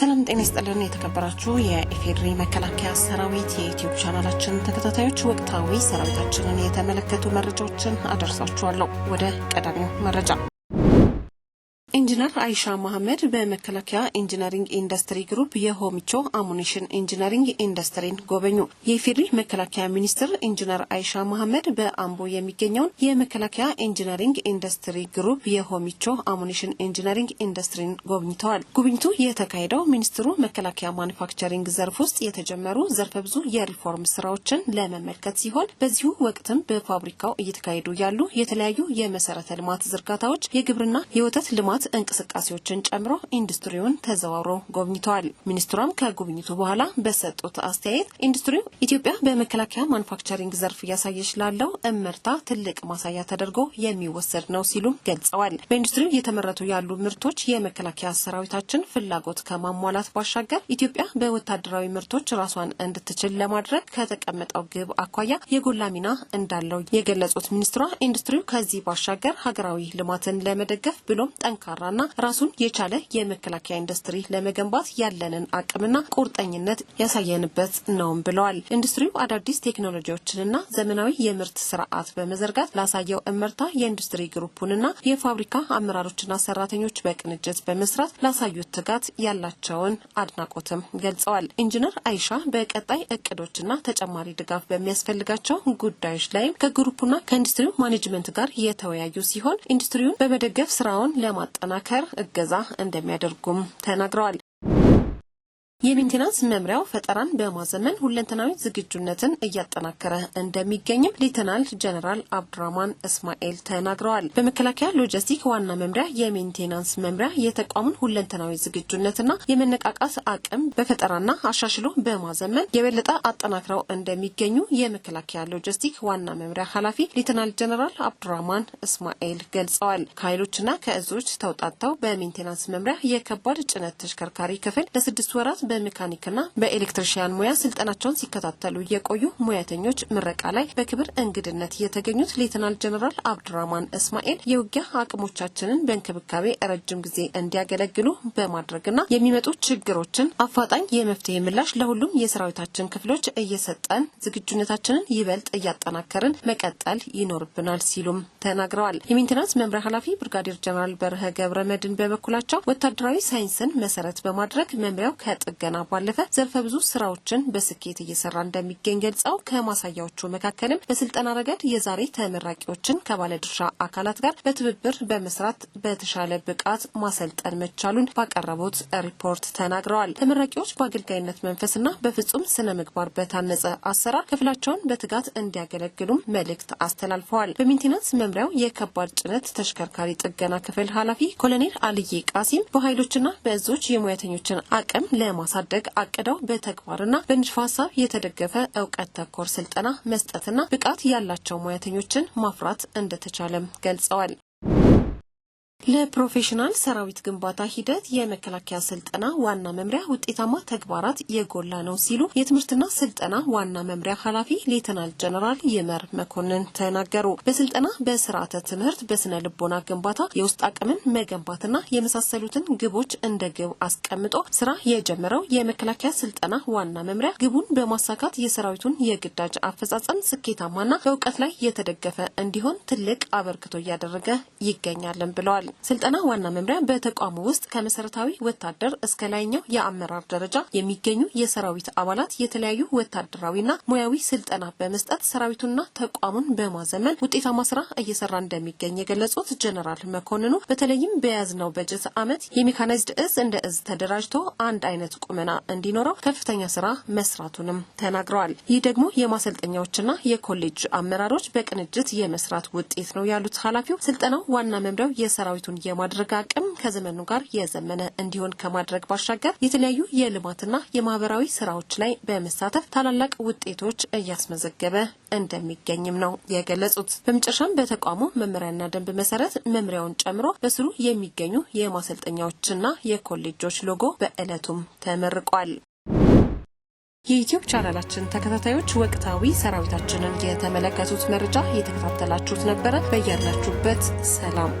ጤና ይስጥልን የተከበራችሁ የኢፌድሪ መከላከያ ሰራዊት የዩትዩብ ቻናላችን ተከታታዮች ወቅታዊ ሰራዊታችንን የተመለከቱ መረጃዎችን አደርሳችኋለሁ። ወደ ቀዳሚው መረጃ ኢንጂነር አይሻ መሐመድ በመከላከያ ኢንጂነሪንግ ኢንዱስትሪ ግሩፕ የሆሚቾ አሙኒሽን ኢንጂነሪንግ ኢንዱስትሪን ጎበኙ። የኢፌዴሪ መከላከያ ሚኒስትር ኢንጂነር አይሻ መሐመድ በአምቦ የሚገኘውን የመከላከያ ኢንጂነሪንግ ኢንዱስትሪ ግሩፕ የሆሚቾ አሙኒሽን ኢንጂነሪንግ ኢንዱስትሪን ጎብኝተዋል። ጉብኝቱ የተካሄደው ሚኒስትሩ መከላከያ ማኒፋክቸሪንግ ዘርፍ ውስጥ የተጀመሩ ዘርፈ ብዙ የሪፎርም ስራዎችን ለመመልከት ሲሆን በዚሁ ወቅትም በፋብሪካው እየተካሄዱ ያሉ የተለያዩ የመሰረተ ልማት ዝርጋታዎች፣ የግብርና፣ የወተት ልማት እንቅስቃሴዎችን ጨምሮ ኢንዱስትሪውን ተዘዋውሮ ጎብኝተዋል። ሚኒስትሯም ከጉብኝቱ በኋላ በሰጡት አስተያየት ኢንዱስትሪው ኢትዮጵያ በመከላከያ ማኑፋክቸሪንግ ዘርፍ እያሳየች ላለው እመርታ ትልቅ ማሳያ ተደርጎ የሚወሰድ ነው ሲሉም ገልጸዋል። በኢንዱስትሪው እየተመረቱ ያሉ ምርቶች የመከላከያ ሰራዊታችን ፍላጎት ከማሟላት ባሻገር ኢትዮጵያ በወታደራዊ ምርቶች ራሷን እንድትችል ለማድረግ ከተቀመጠው ግብ አኳያ የጎላ ሚና እንዳለው የገለጹት ሚኒስትሯ ኢንዱስትሪው ከዚህ ባሻገር ሀገራዊ ልማትን ለመደገፍ ብሎም ጠንካራ እንድንሰራና ራሱን የቻለ የመከላከያ ኢንዱስትሪ ለመገንባት ያለንን አቅምና ቁርጠኝነት ያሳየንበት ነውም ብለዋል። ኢንዱስትሪው አዳዲስ ቴክኖሎጂዎችንና ዘመናዊ የምርት ስርዓት በመዘርጋት ላሳየው እመርታ የኢንዱስትሪ ግሩፑንና የፋብሪካ አመራሮችና ሰራተኞች በቅንጅት በመስራት ላሳዩት ትጋት ያላቸውን አድናቆትም ገልጸዋል። ኢንጂነር አይሻ በቀጣይ እቅዶችና ተጨማሪ ድጋፍ በሚያስፈልጋቸው ጉዳዮች ላይም ከግሩፑና ከኢንዱስትሪው ማኔጅመንት ጋር የተወያዩ ሲሆን ኢንዱስትሪውን በመደገፍ ስራውን ለማጠናል በማጠናከር እገዛ እንደሚያደርጉም ተናግረዋል። የሜንቴናንስ መምሪያው ፈጠራን በማዘመን ሁለንተናዊ ዝግጁነትን እያጠናከረ እንደሚገኝም ሌተናል ጀነራል አብዱራማን እስማኤል ተናግረዋል። በመከላከያ ሎጂስቲክ ዋና መምሪያ የሜንቴናንስ መምሪያ የተቋሙን ሁለንተናዊ ዝግጁነትና የመነቃቃት አቅም በፈጠራና አሻሽሎ በማዘመን የበለጠ አጠናክረው እንደሚገኙ የመከላከያ ሎጂስቲክ ዋና መምሪያ ኃላፊ ሌተናል ጀነራል አብዱራማን እስማኤል ገልጸዋል። ከኃይሎችና ከእዞች ተውጣጥተው በሜንቴናንስ መምሪያ የከባድ ጭነት ተሽከርካሪ ክፍል ለስድስት ወራት በ በሜካኒክና በኤሌክትሪሽያን ሙያ ስልጠናቸውን ሲከታተሉ የቆዩ ሙያተኞች ምረቃ ላይ በክብር እንግድነት የተገኙት ሌትናል ጀኔራል አብድራማን እስማኤል የውጊያ አቅሞቻችንን በእንክብካቤ ረጅም ጊዜ እንዲያገለግሉ በማድረግና የሚመጡ ችግሮችን አፋጣኝ የመፍትሄ ምላሽ ለሁሉም የሰራዊታችን ክፍሎች እየሰጠን ዝግጁነታችንን ይበልጥ እያጠናከርን መቀጠል ይኖርብናል ሲሉም ተናግረዋል። የሜንቴናንስ መምሪያ ኃላፊ ብርጋዴር ጀኔራል በርሀ ገብረ መድን በበኩላቸው ወታደራዊ ሳይንስን መሰረት በማድረግ መምሪያው ከጥገ ጥገና ባለፈ ዘርፈ ብዙ ስራዎችን በስኬት እየሰራ እንደሚገኝ ገልጸው ከማሳያዎቹ መካከልም በስልጠና ረገድ የዛሬ ተመራቂዎችን ከባለድርሻ አካላት ጋር በትብብር በመስራት በተሻለ ብቃት ማሰልጠን መቻሉን ባቀረቡት ሪፖርት ተናግረዋል። ተመራቂዎች በአገልጋይነት መንፈስና በፍጹም ስነ ምግባር በታነጸ አሰራር ክፍላቸውን በትጋት እንዲያገለግሉም መልእክት አስተላልፈዋል። በሜንቴናንስ መምሪያው የከባድ ጭነት ተሽከርካሪ ጥገና ክፍል ኃላፊ ኮሎኔል አልዬ ቃሲም በኃይሎችና በእዞች የሙያተኞችን አቅም ለማሳ ለማሳደግ አቅደው በተግባርና በንድፈ ሀሳብ የተደገፈ እውቀት ተኮር ስልጠና መስጠትና ብቃት ያላቸው ሙያተኞችን ማፍራት እንደተቻለም ገልጸዋል። ለፕሮፌሽናል ሰራዊት ግንባታ ሂደት የመከላከያ ስልጠና ዋና መምሪያ ውጤታማ ተግባራት የጎላ ነው ሲሉ የትምህርትና ስልጠና ዋና መምሪያ ኃላፊ ሌተናል ጀነራል ይመር መኮንን ተናገሩ። በስልጠና በስርዓተ ትምህርት፣ በስነ ልቦና ግንባታ፣ የውስጥ አቅምን መገንባትና የመሳሰሉትን ግቦች እንደ ግብ አስቀምጦ ስራ የጀመረው የመከላከያ ስልጠና ዋና መምሪያ ግቡን በማሳካት የሰራዊቱን የግዳጅ አፈጻጸም ስኬታማና በእውቀት ላይ የተደገፈ እንዲሆን ትልቅ አበርክቶ እያደረገ ይገኛልን ብለዋል። ስልጠና ዋና መምሪያ በተቋሙ ውስጥ ከመሰረታዊ ወታደር እስከ ላይኛው የአመራር ደረጃ የሚገኙ የሰራዊት አባላት የተለያዩ ወታደራዊና ሙያዊ ስልጠና በመስጠት ሰራዊቱና ተቋሙን በማዘመን ውጤታማ ስራ እየሰራ እንደሚገኝ የገለጹት ጀነራል መኮንኑ በተለይም በያዝነው በጀት ዓመት የሜካናይዝድ እዝ እንደ እዝ ተደራጅቶ አንድ አይነት ቁመና እንዲኖረው ከፍተኛ ስራ መስራቱንም ተናግረዋል። ይህ ደግሞ የማሰልጠኛዎችና የኮሌጅ አመራሮች በቅንጅት የመስራት ውጤት ነው ያሉት ኃላፊው ስልጠናው ዋና መምሪያው የሰራዊቱ ውጤቱን የማድረግ አቅም ከዘመኑ ጋር የዘመነ እንዲሆን ከማድረግ ባሻገር የተለያዩ የልማትና የማህበራዊ ስራዎች ላይ በመሳተፍ ታላላቅ ውጤቶች እያስመዘገበ እንደሚገኝም ነው የገለጹት። በመጨረሻም በተቋሙ መመሪያና ደንብ መሰረት መምሪያውን ጨምሮ በስሩ የሚገኙ የማሰልጠኛዎችና የኮሌጆች ሎጎ በእለቱም ተመርቋል። የዩቲዩብ ቻናላችን ተከታታዮች ወቅታዊ ሰራዊታችንን የተመለከቱት መረጃ የተከታተላችሁት ነበረ። በያላችሁበት ሰላም